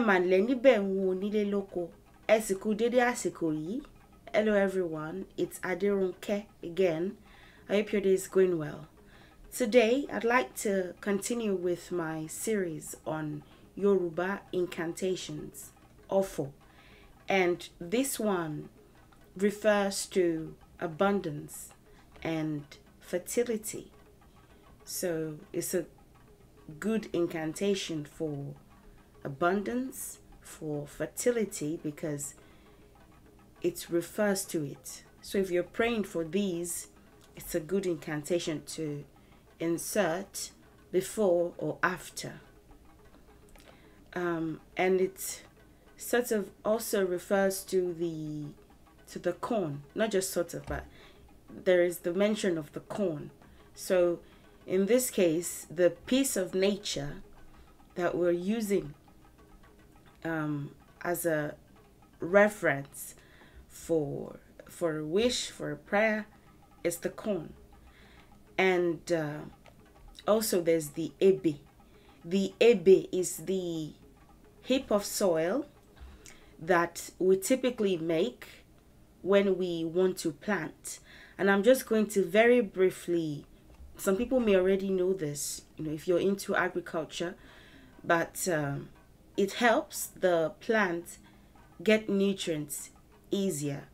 lóko hello everyone it's Adirunke again I hope your day is going well today I'd like to continue with my series on Yoruba incantations Ofo and this one refers to abundance and fertility so it's a good incantation for abundance, for fertility, because it refers to it. So if you're praying for these, it's a good incantation to insert before or after. Um, and it sort of also refers to the to the corn, not just sort of, but there is the mention of the corn. So in this case, the piece of nature that we're using um, as a reference for for a wish for a prayer is the corn and uh, also there's the ebe the ebe is the heap of soil that we typically make when we want to plant and i'm just going to very briefly some people may already know this you know if you're into agriculture but um, it helps the plant get nutrients easier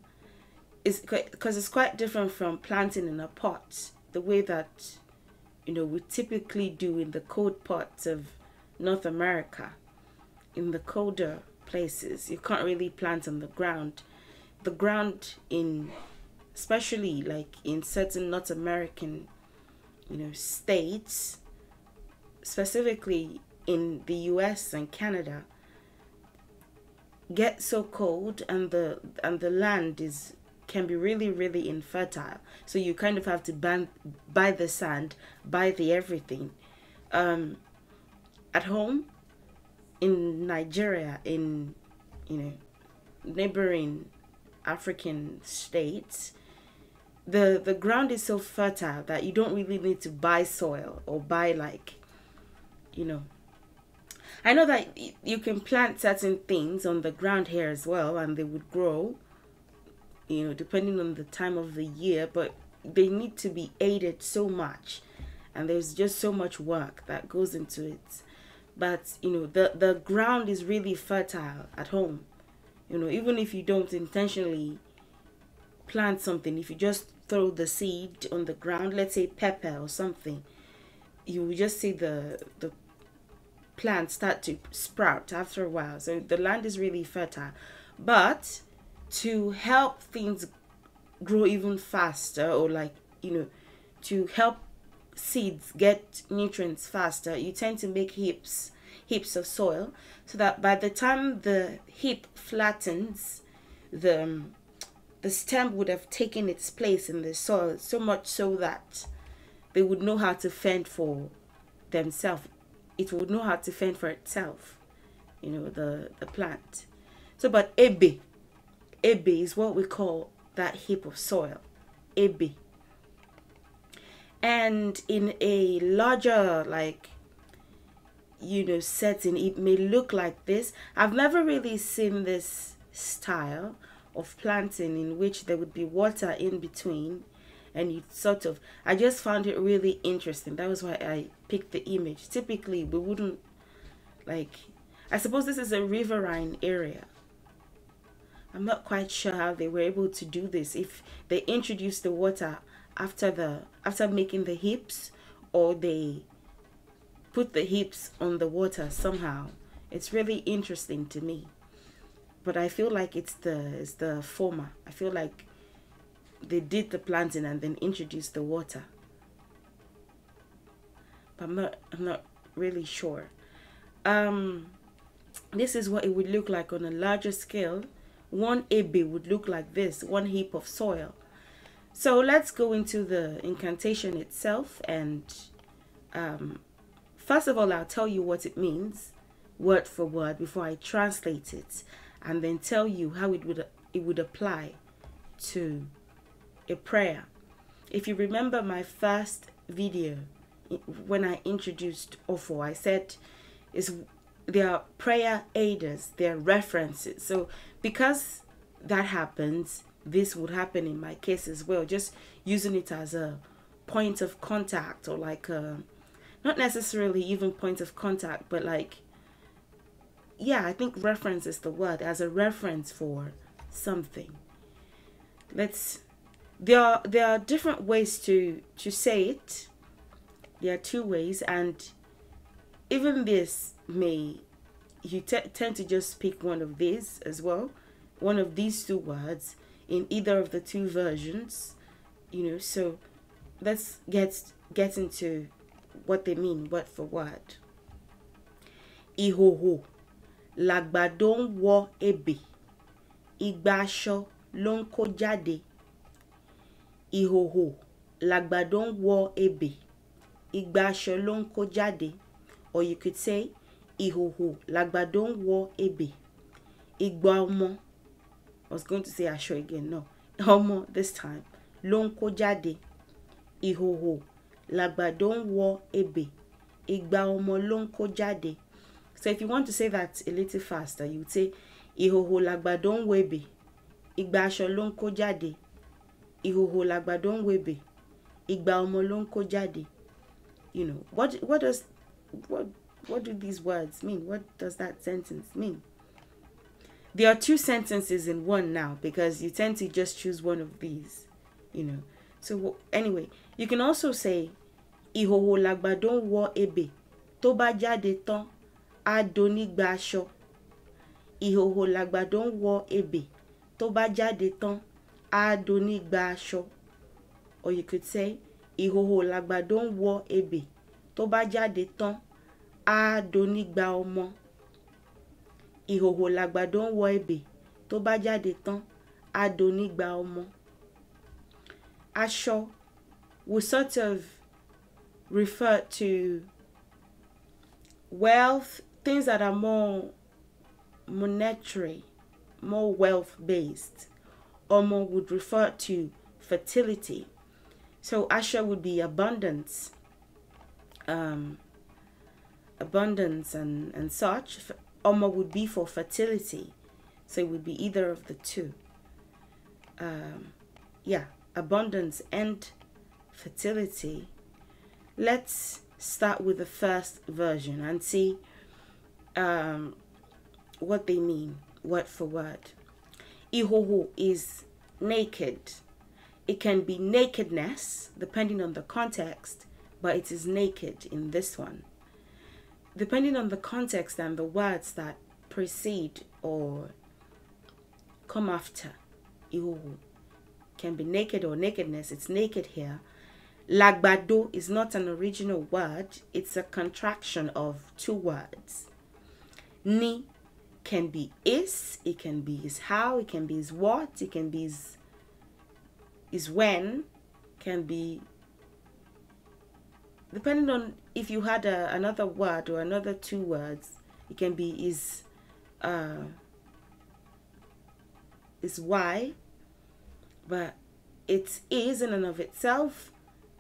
is because it's quite different from planting in a pot the way that you know we typically do in the cold parts of north america in the colder places you can't really plant on the ground the ground in especially like in certain north american you know states specifically in the US and Canada get so cold and the and the land is can be really really infertile so you kind of have to ban, buy the sand buy the everything um, at home in nigeria in you know neighboring african states the the ground is so fertile that you don't really need to buy soil or buy like you know I know that you can plant certain things on the ground here as well and they would grow, you know, depending on the time of the year, but they need to be aided so much and there's just so much work that goes into it. But, you know, the, the ground is really fertile at home. You know, even if you don't intentionally plant something, if you just throw the seed on the ground, let's say pepper or something, you will just see the, the plants start to sprout after a while. So the land is really fertile. But to help things grow even faster or like, you know, to help seeds get nutrients faster, you tend to make heaps heaps of soil so that by the time the heap flattens, the um, the stem would have taken its place in the soil so much so that they would know how to fend for themselves it would know how to fend for itself, you know, the, the plant. So, but ebe, ebe is what we call that heap of soil, ebe. And in a larger, like, you know, setting, it may look like this. I've never really seen this style of planting in which there would be water in between and you sort of i just found it really interesting that was why i picked the image typically we wouldn't like i suppose this is a riverine area i'm not quite sure how they were able to do this if they introduced the water after the after making the hips or they put the hips on the water somehow it's really interesting to me but i feel like it's the it's the former i feel like they did the planting and then introduced the water. But I'm not I'm not really sure. Um, this is what it would look like on a larger scale. One AB would look like this, one heap of soil. So let's go into the incantation itself and um, first of all I'll tell you what it means word for word before I translate it and then tell you how it would it would apply to a prayer. If you remember my first video when I introduced OFO, I said is their prayer aiders, their references. So because that happens, this would happen in my case as well. Just using it as a point of contact or like a, not necessarily even point of contact, but like yeah, I think reference is the word as a reference for something. Let's there are there are different ways to to say it there are two ways and even this may you tend to just pick one of these as well one of these two words in either of the two versions you know so let's get get into what they mean word for word ìhòhò làgbàdo wa wọ ebè ìgbà aṣọ ló jáde ìhòhò làgbàdo ń wọ ebè igba aṣọ ló ń kó jáde òyìkìtẹ ìhòhò làgbàdo ń wọ ebè igba ọmọ I was going to say aṣọ again no ọmọ this time ló ń kó jáde ìhòhò làgbàdo ń wọ ebè igba ọmọ ló ń kó jáde so if you want to say that a little faster you say ìhòhò làgbàdo ń wọ ebè igba aṣọ ló ń kó jáde. ìhòhò làgbàdo webè ìgbà ọmọ ló jáde you know what what does what what do these words mean what does that sentence mean there are two sentences in one now because you tend to just choose one of these you know so anyway you can also say ìhòhò làgbàdo ń wọ ebè tó bá jáde tán á donígba aṣọ ìhòhò làgbàdo ń wọ ebè tó bá jáde tán adonigba aṣọ òyìnkìtẹ́ ìhòhò làgbàdo ń wọ ebè tó bá jáde tán á donigba ọmọ ìhòhò làgbàdo ń wọ ebè tó bá jáde tán á donigba ọmọ aṣọ we sort of refer to wealth things that are more monetary more wealth based Omo would refer to fertility. So Asha would be abundance, um, abundance and, and such. Omo would be for fertility. So it would be either of the two. Um, yeah, abundance and fertility. Let's start with the first version and see um, what they mean word for word. Ihoho is naked. It can be nakedness, depending on the context, but it is naked in this one. Depending on the context and the words that precede or come after Ihoho can be naked or nakedness. It's naked here. Lagbado is not an original word. It's a contraction of two words. Ni can be is, it can be is how, it can be is what, it can be is, is when, can be depending on if you had a, another word or another two words, it can be is uh, is why, but it is in and of itself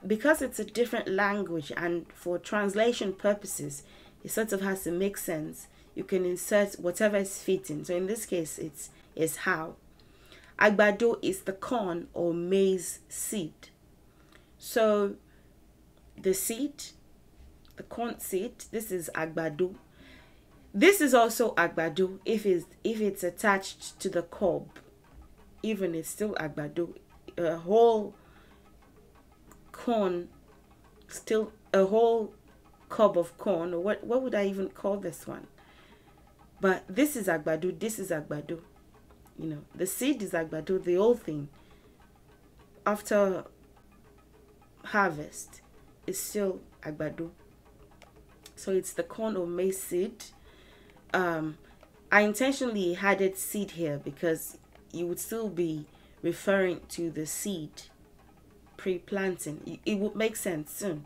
because it's a different language and for translation purposes, it sort of has to make sense you can insert whatever is fitting. So in this case, it's is how. Agbado is the corn or maize seed. So the seed, the corn seed, this is agbado. This is also agbado if it's, if it's attached to the cob. Even it's still agbado. A whole corn, still a whole cob of corn. What, what would I even call this one? But this is agbado, this is agbado. You know, the seed is agbado, the whole thing. After harvest, is still agbado. So it's the corn or maize seed. Um, I intentionally added seed here because you would still be referring to the seed pre-planting. It, it would make sense soon.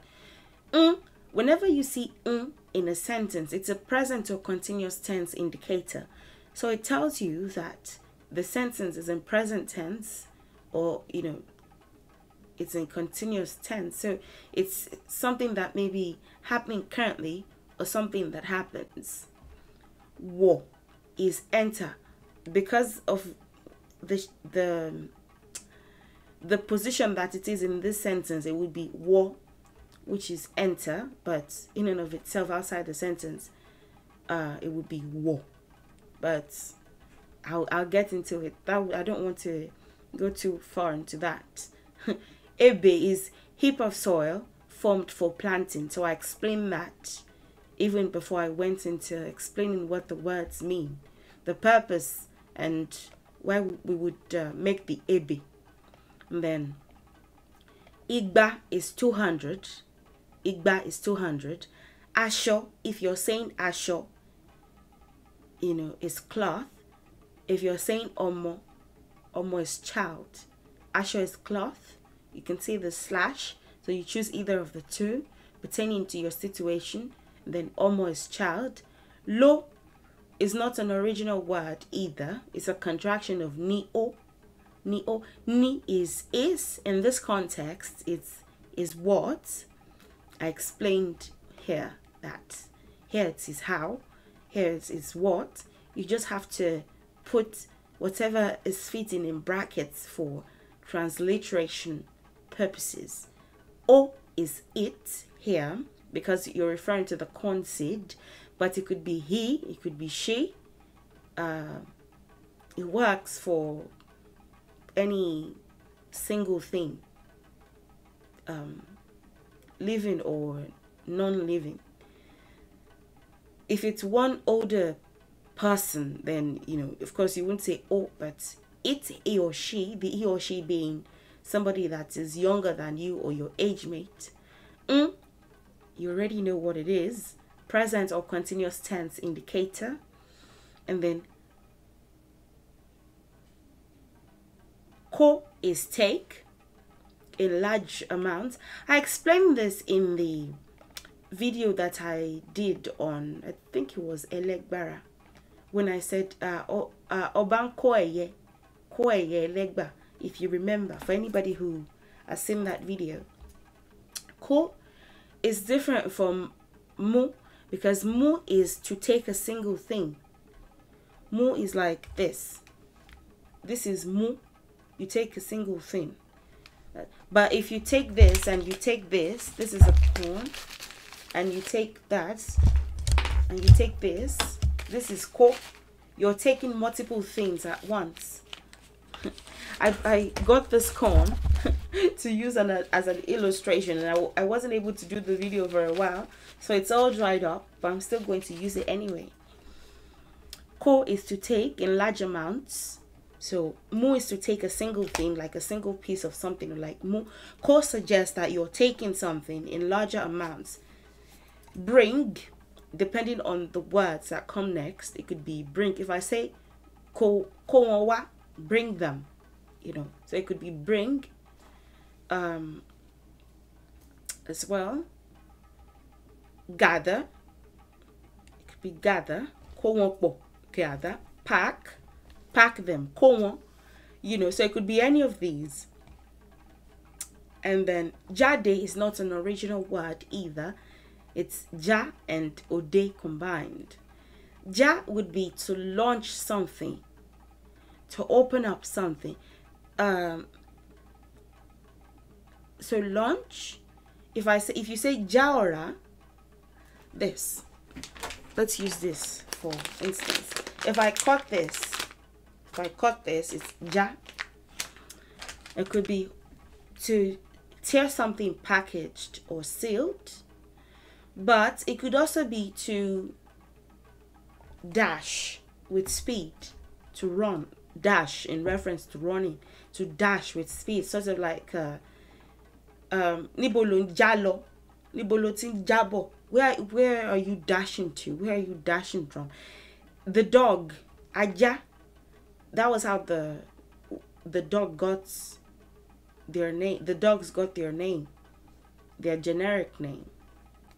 Mm, whenever you see mm in a sentence. It's a present or continuous tense indicator. So it tells you that the sentence is in present tense or, you know, it's in continuous tense. So it's something that may be happening currently or something that happens. War is enter because of the the the position that it is in this sentence it would be war which is enter, but in and of itself, outside the sentence, uh, it would be war. But I'll, I'll get into it. That I don't want to go too far into that. Ebe is heap of soil formed for planting. So I explained that even before I went into explaining what the words mean, the purpose, and why we would uh, make the Ebe. And then Igba is 200 Igba is 200. Asho, if you're saying asho, you know, is cloth. If you're saying omo, omo is child. Asho is cloth. You can see the slash. So you choose either of the two, pertaining to your situation. Then omo is child. Lo is not an original word either. It's a contraction of Ni-O. Ni is is. In this context, it's is what I explained here that here it is how, here it is what. You just have to put whatever is fitting in brackets for transliteration purposes. O is it here because you're referring to the corn seed, but it could be he, it could be she. Uh, it works for any single thing. Um, living or non-living if it's one older person then you know of course you wouldn't say oh but it's he or she the he or she being somebody that is younger than you or your age mate mm, you already know what it is present or continuous tense indicator and then ko is take a large amount. I explained this in the video that I did on, I think it was Elegbara, when I said uh, uh, Oban Koeye, Koeye Elegba, if you remember, for anybody who has seen that video. Ko is different from Mu because Mu is to take a single thing. Mu is like this. This is Mu. You take a single thing. But if you take this and you take this, this is a pawn, and you take that, and you take this, this is co. You're taking multiple things at once. I, I got this comb to use an, as an illustration and I, I wasn't able to do the video for a while so it's all dried up but I'm still going to use it anyway. Co is to take in large amounts so mu is to take a single thing, like a single piece of something. Like mu, ko suggests that you're taking something in larger amounts. Bring, depending on the words that come next, it could be bring. If I say ko ko wa, bring them, you know. So it could be bring, um, as well. Gather, it could be gather. Ko gather. Pack pack them, komo, you know, so it could be any of these. And then jade is not an original word either. It's ja and ode combined. Ja would be to launch something, to open up something. Um, so launch, if I say if you say jaora, this. Let's use this for instance. If I cut this, if I cut this, it's ja. It could be to tear something packaged or sealed, but it could also be to dash with speed, to run, dash in reference to running, to dash with speed, sort of like uh, um, nibolo jalo, nibolo tin jabo. Where where are you dashing to? Where are you dashing from? The dog, aja, that was how the the dog got their name. The dogs got their name, their generic name,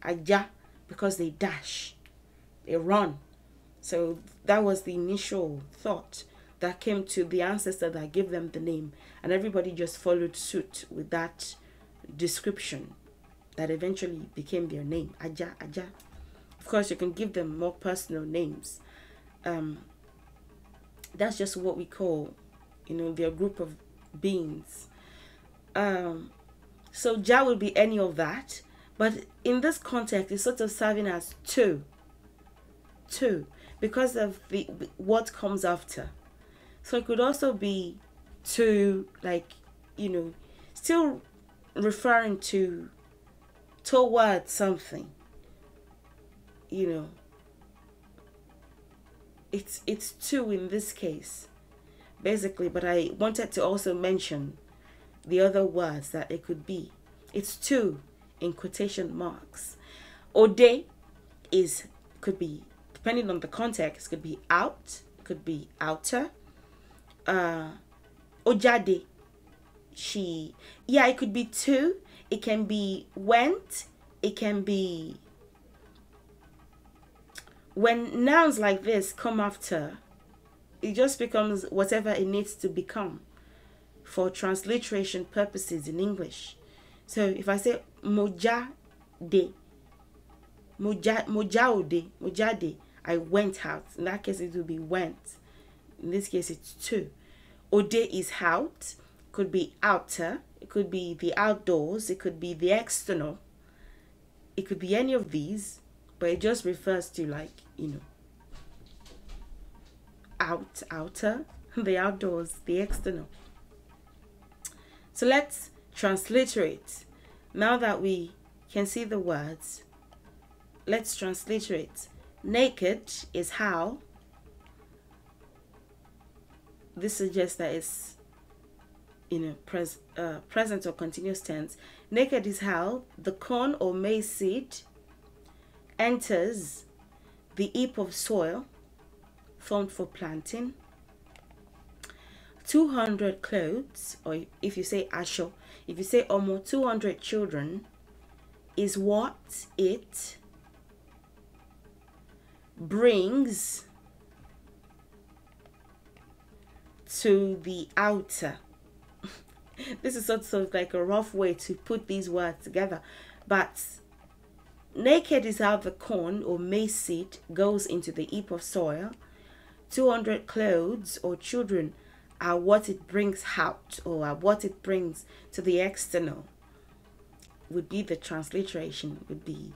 Aja, because they dash, they run. So that was the initial thought that came to the ancestor that gave them the name, and everybody just followed suit with that description that eventually became their name, Aja Aja. Of course, you can give them more personal names. Um, that's just what we call you know their group of beings um so jah would be any of that but in this context it's sort of serving as two two because of the what comes after so it could also be to like you know still referring to toward something you know it's it's two in this case basically but i wanted to also mention the other words that it could be it's two in quotation marks ode is could be depending on the context could be out could be outer uh ojade she yeah it could be two it can be went it can be when nouns like this come after, it just becomes whatever it needs to become for transliteration purposes in English. So if I say moja de, moja "moja mojade, I went out. In that case, it will be went. In this case, it's two. Ode is out. Could be outer. It could be the outdoors. It could be the external. It could be any of these, but it just refers to like you know, out, outer, the outdoors, the external. So let's transliterate. Now that we can see the words, let's transliterate. Naked is how. This suggests that it's you know pres uh, present or continuous tense. Naked is how the corn or maize seed enters the heap of soil formed for planting, 200 clothes, or if you say asho, if you say almost 200 children, is what it brings to the outer. this is sort of like a rough way to put these words together, but Naked is how the corn or maize seed goes into the heap of soil. 200 clothes or children are what it brings out or are what it brings to the external would be the transliteration would be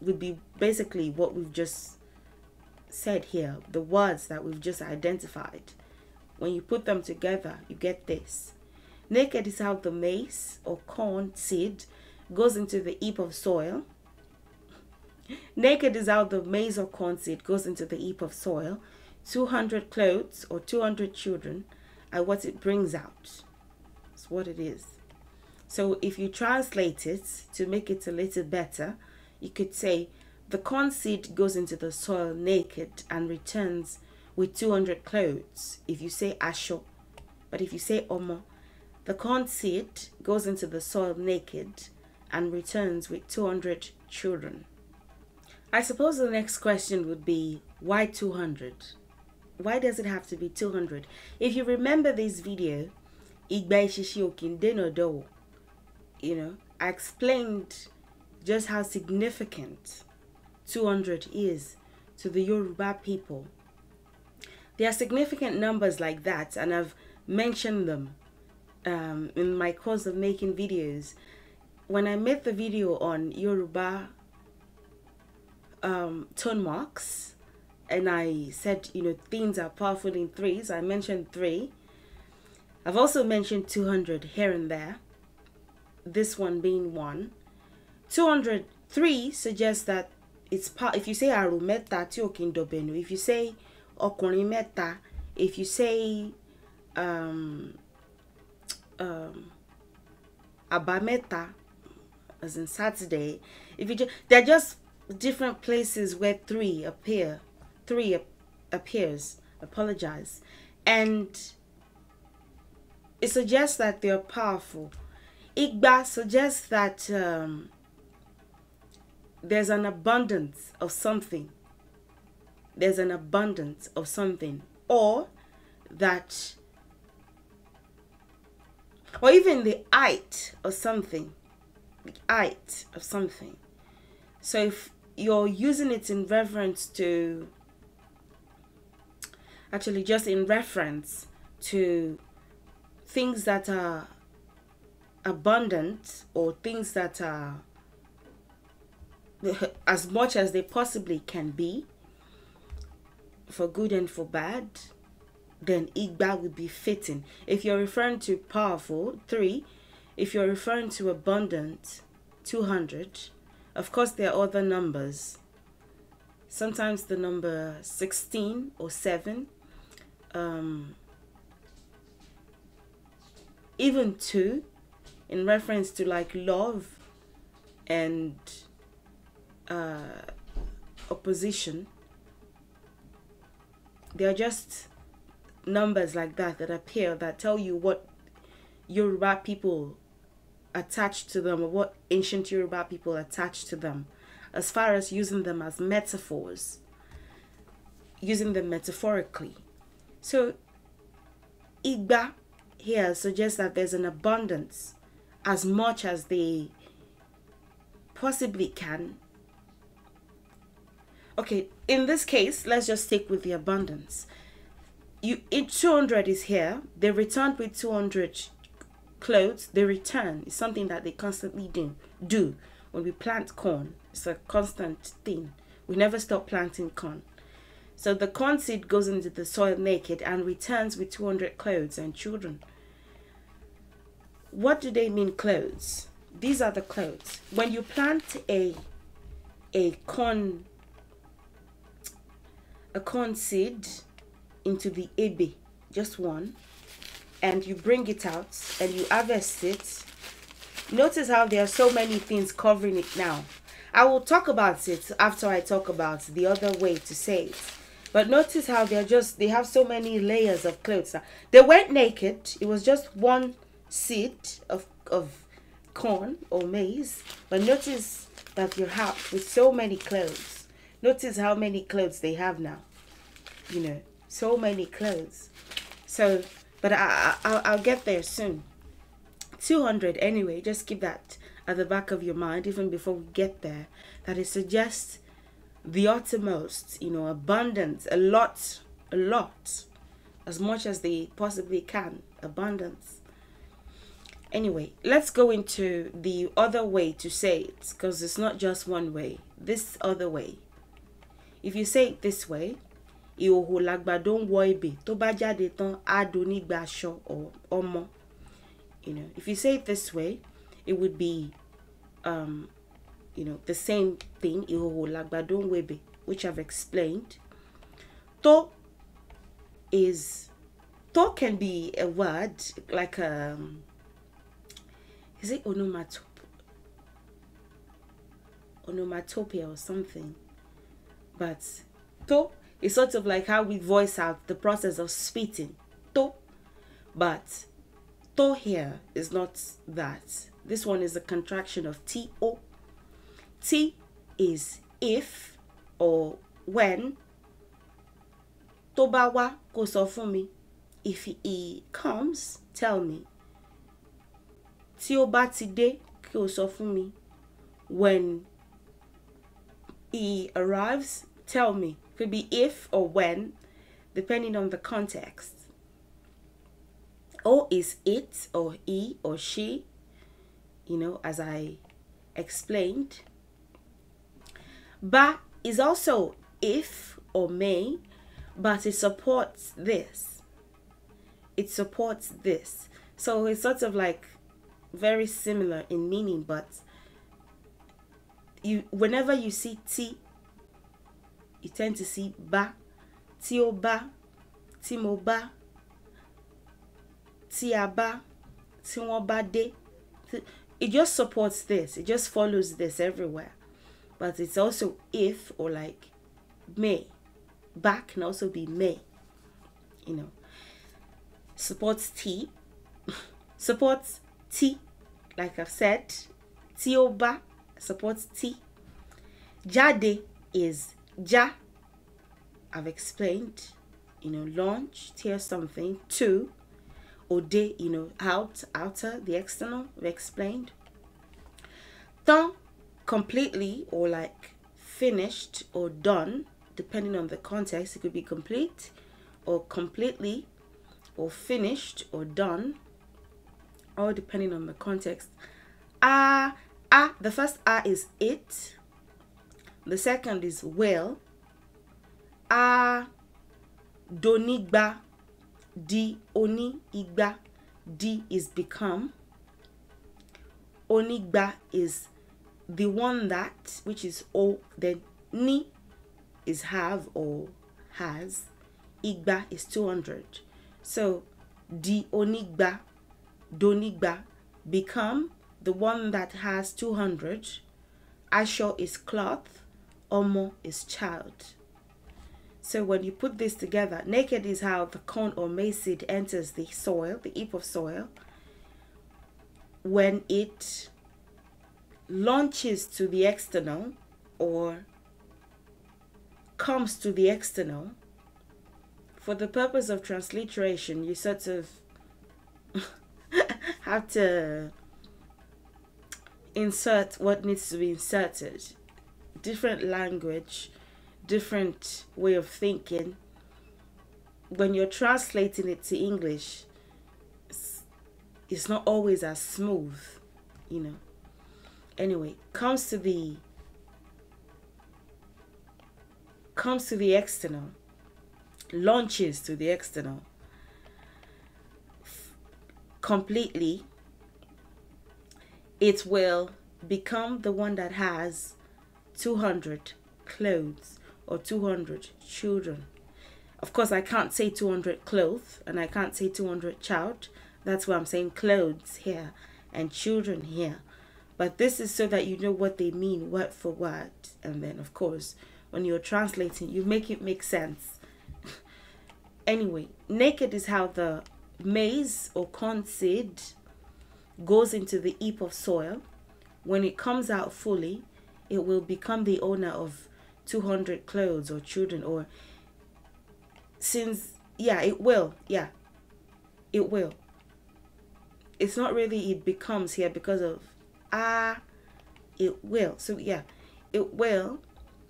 would be basically what we've just said here the words that we've just identified when you put them together you get this naked is how the maize or corn seed goes into the heap of soil. Naked is out the maize or corn seed goes into the heap of soil. 200 clothes or 200 children are what it brings out. It's what it is. So if you translate it to make it a little better, you could say the corn seed goes into the soil naked and returns with 200 clothes if you say asho. But if you say omo, the corn seed goes into the soil naked and returns with 200 children. I suppose the next question would be why 200? Why does it have to be 200? If you remember this video, Igba Ishishiokin Denodo, you know, I explained just how significant 200 is to the Yoruba people. There are significant numbers like that, and I've mentioned them um, in my course of making videos when I made the video on Yoruba um, tone marks, and I said, you know, things are powerful in threes, I mentioned three. I've also mentioned 200 here and there, this one being one. 203 suggests that it's part, if you say arumeta ti if you say ọkùnrin mẹ́ta, if you say um, um, abameta, as in Saturday. If you just they're just different places where three appear, three appears. Apologize, and it suggests that they are powerful. Igba suggests that um, there's an abundance of something. There's an abundance of something, or that, or even the height or something height of something. So if you're using it in reference to, actually just in reference to things that are abundant or things that are as much as they possibly can be for good and for bad then igba would be fitting if you're referring to powerful three if you're referring to abundant, 200, of course there are other numbers. Sometimes the number 16 or 7, um, even 2, in reference to like love and uh, opposition. They are just numbers like that that appear that tell you what Yoruba people attached to them or what ancient Yoruba people attached to them as far as using them as metaphors, using them metaphorically. So, Igba here suggests that there's an abundance as much as they possibly can. Okay, in this case, let's just stick with the abundance. You, 200 is here. They returned with 200 clothes they return it's something that they constantly do do when we plant corn it's a constant thing we never stop planting corn so the corn seed goes into the soil naked and returns with 200 clothes and children what do they mean clothes these are the clothes when you plant a a corn a corn seed into the ebe just one and you bring it out and you harvest it. Notice how there are so many things covering it now. I will talk about it after I talk about the other way to say it. But notice how they're just, they have so many layers of clothes now. They not naked. It was just one seed of, of corn or maize. But notice that you have with so many clothes. Notice how many clothes they have now. You know, so many clothes. So but I, I, I'll get there soon. 200 anyway, just keep that at the back of your mind even before we get there. That it suggests the uttermost, you know, abundance, a lot, a lot, as much as they possibly can, abundance. Anyway, let's go into the other way to say it because it's not just one way, this other way. If you say it this way, ìhòhò lagba don wọ ebè tó bá jáde tán á do nígbà aṣọ ọmọ you know if you say it this way it would be um, you know the same thing ìhòhò lagba don wọ ebè which I've explained tó is tó can be a word like um, is it onomatopoeia? onomatopoeia or something. But to it's sort of like how we voice out the process of spitting. To. But to here is not that. This one is a contraction of to. T is if or when. Tobawa me. If he comes, tell me. Tí ó bá ti dé, kí o sọ When he arrives, tell me could be if or when, depending on the context. O oh, is it or he or she, you know, as I explained. But is also if or may, but it supports this. It supports this. So it's sort of like very similar in meaning, but you whenever you see T you tend to see ba, tí ó bá, tí mo bá, tí a bá, tí wọ́n bá dé. It just supports this. It just follows this everywhere. But it's also if or like may. Ba can also be may. You know. Supports T. supports T. Like I've said. Tí ó bá supports T. Jade is ja, I've explained, you know, launch, tear something. To, ode, you know, out, outer, the external, we explained. Tan, completely or like finished or done, depending on the context, it could be complete or completely or finished or done, all depending on the context. Ah, uh, ah, uh, the first ah uh is it the second is well. A donigba. Di oni igba. D is become. Onigba is the one that, which is o, then ni is have or has. Igba is 200. So, di onigba, donigba, become the one that has 200. Asho is cloth. Omo is child. So when you put this together, naked is how the corn or maize seed enters the soil, the heap of soil, when it launches to the external or comes to the external. For the purpose of transliteration, you sort of have to insert what needs to be inserted different language, different way of thinking. When you're translating it to English, it's, it's not always as smooth, you know. Anyway, comes to the comes to the external, launches to the external completely, it will become the one that has 200 clothes or 200 children. Of course, I can't say 200 clothes and I can't say 200 child. That's why I'm saying clothes here and children here. But this is so that you know what they mean word for word. And then, of course, when you're translating, you make it make sense. anyway, naked is how the maize or corn seed goes into the heap of soil. When it comes out fully, it will become the owner of 200 clothes or children or since yeah it will yeah it will it's not really it becomes here because of ah it will so yeah it will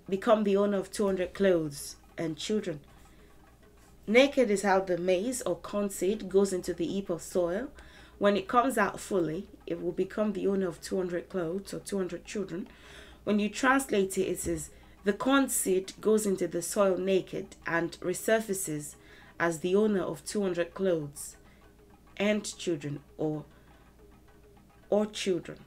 become the owner of 200 clothes and children naked is how the maize or corn seed goes into the heap of soil when it comes out fully it will become the owner of 200 clothes or 200 children when you translate it, it says, The corn seed goes into the soil naked and resurfaces as the owner of 200 clothes and children or, or children.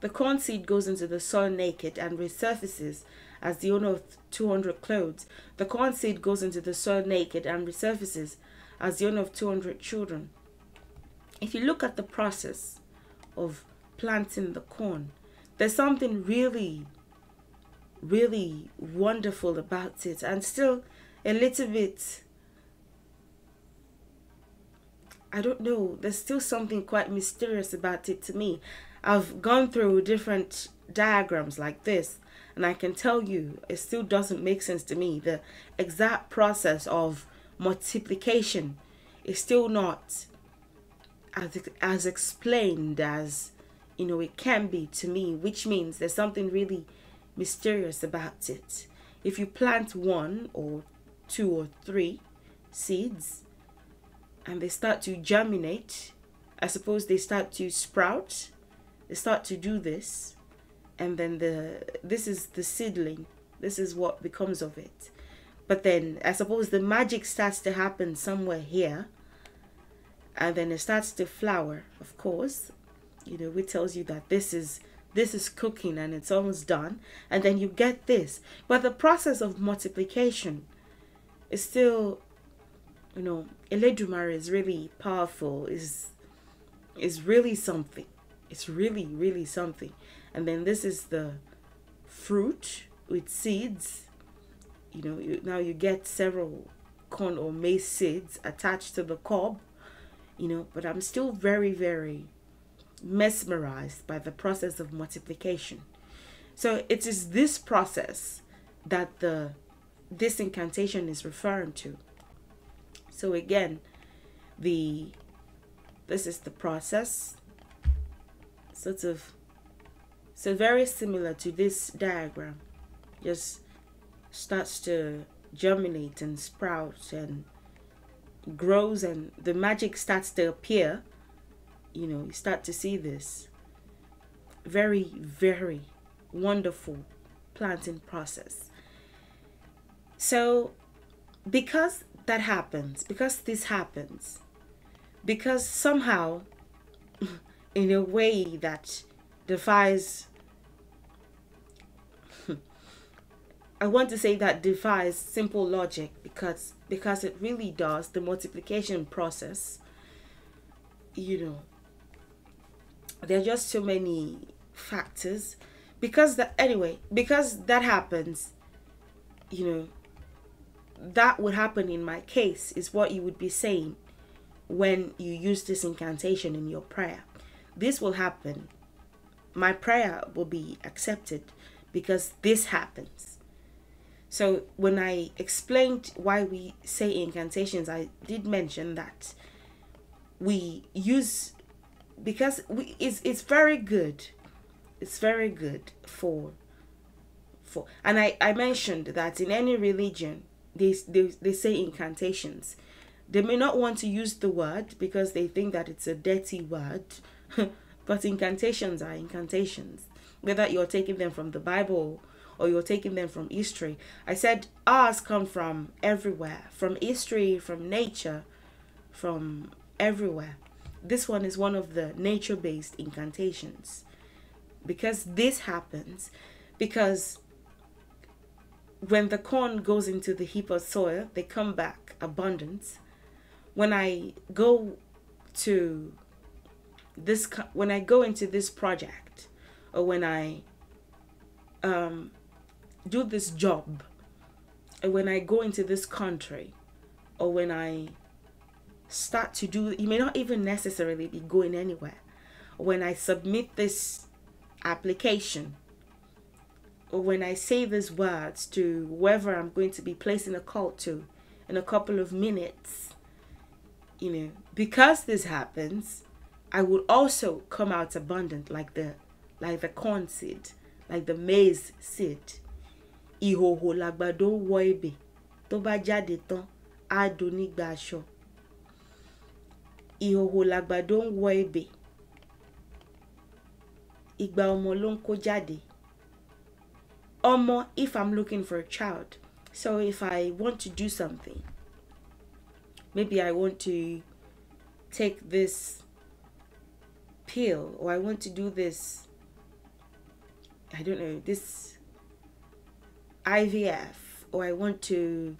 The corn seed goes into the soil naked and resurfaces as the owner of 200 clothes. The corn seed goes into the soil naked and resurfaces as the owner of 200 children. If you look at the process of planting the corn, there's something really, really wonderful about it, and still a little bit. I don't know. There's still something quite mysterious about it to me. I've gone through different diagrams like this, and I can tell you it still doesn't make sense to me. The exact process of multiplication is still not as, as explained as you know it can be to me which means there's something really mysterious about it if you plant one or two or three seeds and they start to germinate i suppose they start to sprout they start to do this and then the this is the seedling this is what becomes of it but then i suppose the magic starts to happen somewhere here and then it starts to flower of course you know it tells you that this is this is cooking and it's almost done and then you get this but the process of multiplication is still you know eledumare is really powerful is is really something it's really really something and then this is the fruit with seeds you know you, now you get several corn or maize seeds attached to the cob you know but i'm still very very mesmerized by the process of multiplication. So it is this process that the this incantation is referring to. So again, the this is the process sort of so very similar to this diagram just starts to germinate and sprout and grows and the magic starts to appear you know, you start to see this very, very wonderful planting process. So, because that happens, because this happens, because somehow, in a way that defies, I want to say that defies simple logic because because it really does the multiplication process. You know, there are just so many factors because that anyway because that happens you know that would happen in my case is what you would be saying when you use this incantation in your prayer this will happen my prayer will be accepted because this happens so when i explained why we say incantations i did mention that we use because we, it's it's very good it's very good for for and i i mentioned that in any religion they they, they say incantations they may not want to use the word because they think that it's a dirty word but incantations are incantations whether you're taking them from the bible or you're taking them from history i said ours come from everywhere from history from nature from everywhere this one is one of the nature based incantations. Because this happens, because when the corn goes into the heap of soil, they come back abundant. When I go to this, when I go into this project, or when I um, do this job, or when I go into this country, or when I start to do you may not even necessarily be going anywhere when i submit this application or when i say these words to whoever i'm going to be placing a call to in a couple of minutes you know because this happens i will also come out abundant like the like the corn seed like the maize seed iho làgbàdo wọ ebè tó bá jáde tán aṣọ ìhòhò làgbàdo ń wọ ebè ìgbà ọmọ ló ń jáde ọmọ if i'm looking for a child so if i want to do something maybe i want to take this pill or i want to do this i don't know this ivf or i want to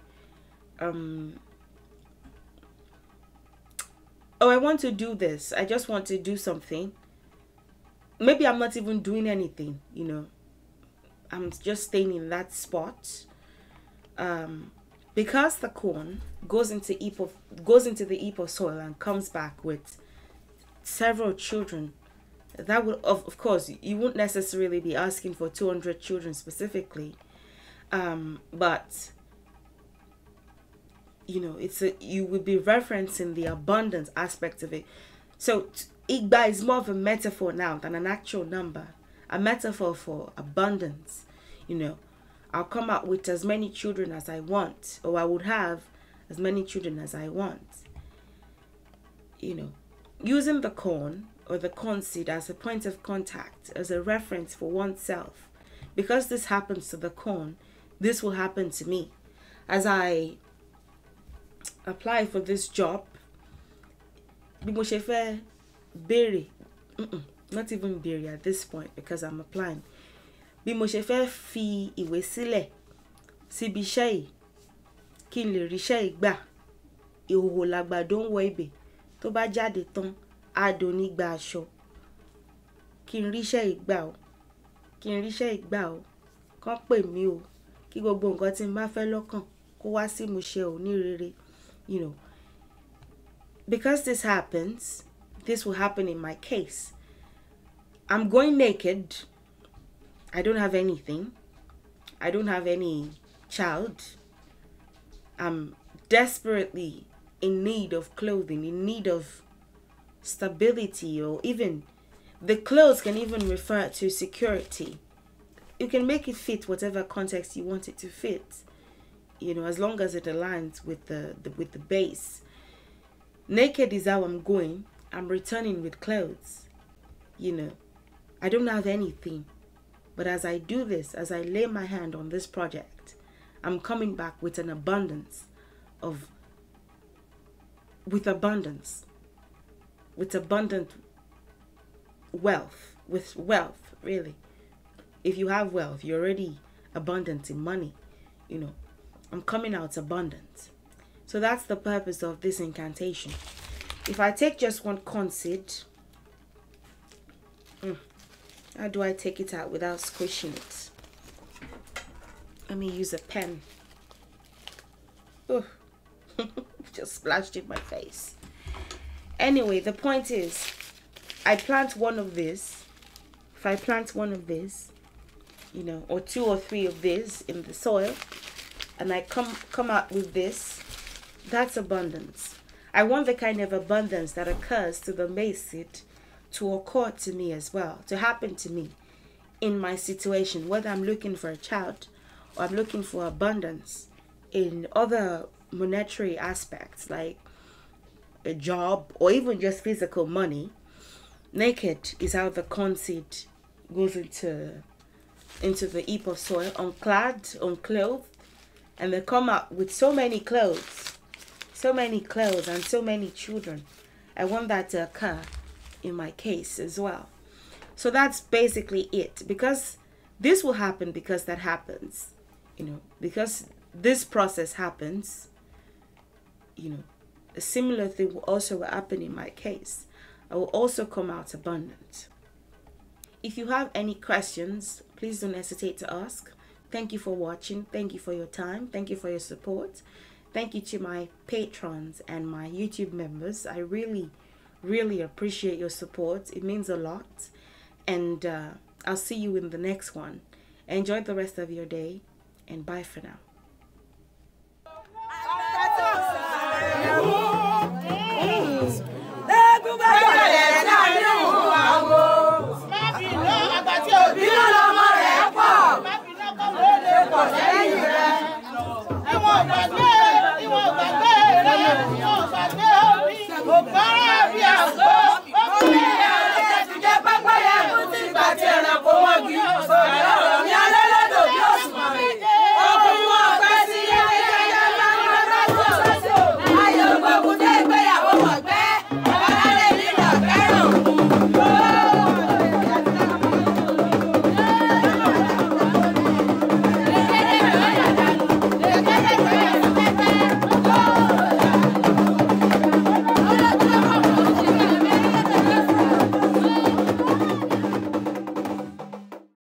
um oh, I want to do this. I just want to do something. Maybe I'm not even doing anything, you know. I'm just staying in that spot. Um, because the corn goes into heap of, goes into the heap of soil and comes back with several children. That would of, of course you wouldn't necessarily be asking for 200 children specifically, um, but you know it's a you would be referencing the abundance aspect of it so igba is more of a metaphor now than an actual number a metaphor for abundance you know i'll come out with as many children as i want or i would have as many children as i want you know using the corn or the corn seed as a point of contact as a reference for oneself because this happens to the corn this will happen to me as i apply for this job bí mo ṣe fẹ́ béèrè not even béèrè at this point because I'm applying bí mo ṣe fẹ́ fi ìwé sílẹ̀ síbi iṣẹ́ yìí kí n lè ríṣẹ́ yìí gbà ìhòòhò làgbàdo ń wọ ibẹ̀ tó bá jáde tán àdó gba aṣọ kí n ríṣẹ́ yìí gbà o kí n ríṣẹ́ yìí gbà o kán pè mí o kí gbogbo nǹkan tí n bá fẹ́ lọ́kàn kó wá sí ìmúṣẹ ò ní rere. you know, because this happens, this will happen in my case. I'm going naked. I don't have anything. I don't have any child. I'm desperately in need of clothing, in need of stability, or even the clothes can even refer to security. You can make it fit whatever context you want it to fit you know as long as it aligns with the, the with the base naked is how i'm going i'm returning with clothes you know i don't have anything but as i do this as i lay my hand on this project i'm coming back with an abundance of with abundance with abundant wealth with wealth really if you have wealth you're already abundant in money you know I'm coming out abundant. So that's the purpose of this incantation. If I take just one concert, hmm, how do I take it out without squishing it? Let me use a pen. Oh, just splashed in my face. Anyway, the point is, I plant one of this. If I plant one of this, you know, or two or three of this in the soil, and I come come out with this, that's abundance. I want the kind of abundance that occurs to the Masid to occur to me as well, to happen to me in my situation, whether I'm looking for a child or I'm looking for abundance in other monetary aspects like a job or even just physical money. Naked is how the conceit goes into into the heap of soil, unclad, unclothed, and they come out with so many clothes, so many clothes and so many children. I want that to occur in my case as well. So that's basically it because this will happen because that happens, you know, because this process happens, you know, a similar thing will also happen in my case. I will also come out abundant. If you have any questions, please don't hesitate to ask. Thank you for watching. Thank you for your time. Thank you for your support. Thank you to my patrons and my YouTube members. I really, really appreciate your support. It means a lot. And uh, I'll see you in the next one. Enjoy the rest of your day and bye for now.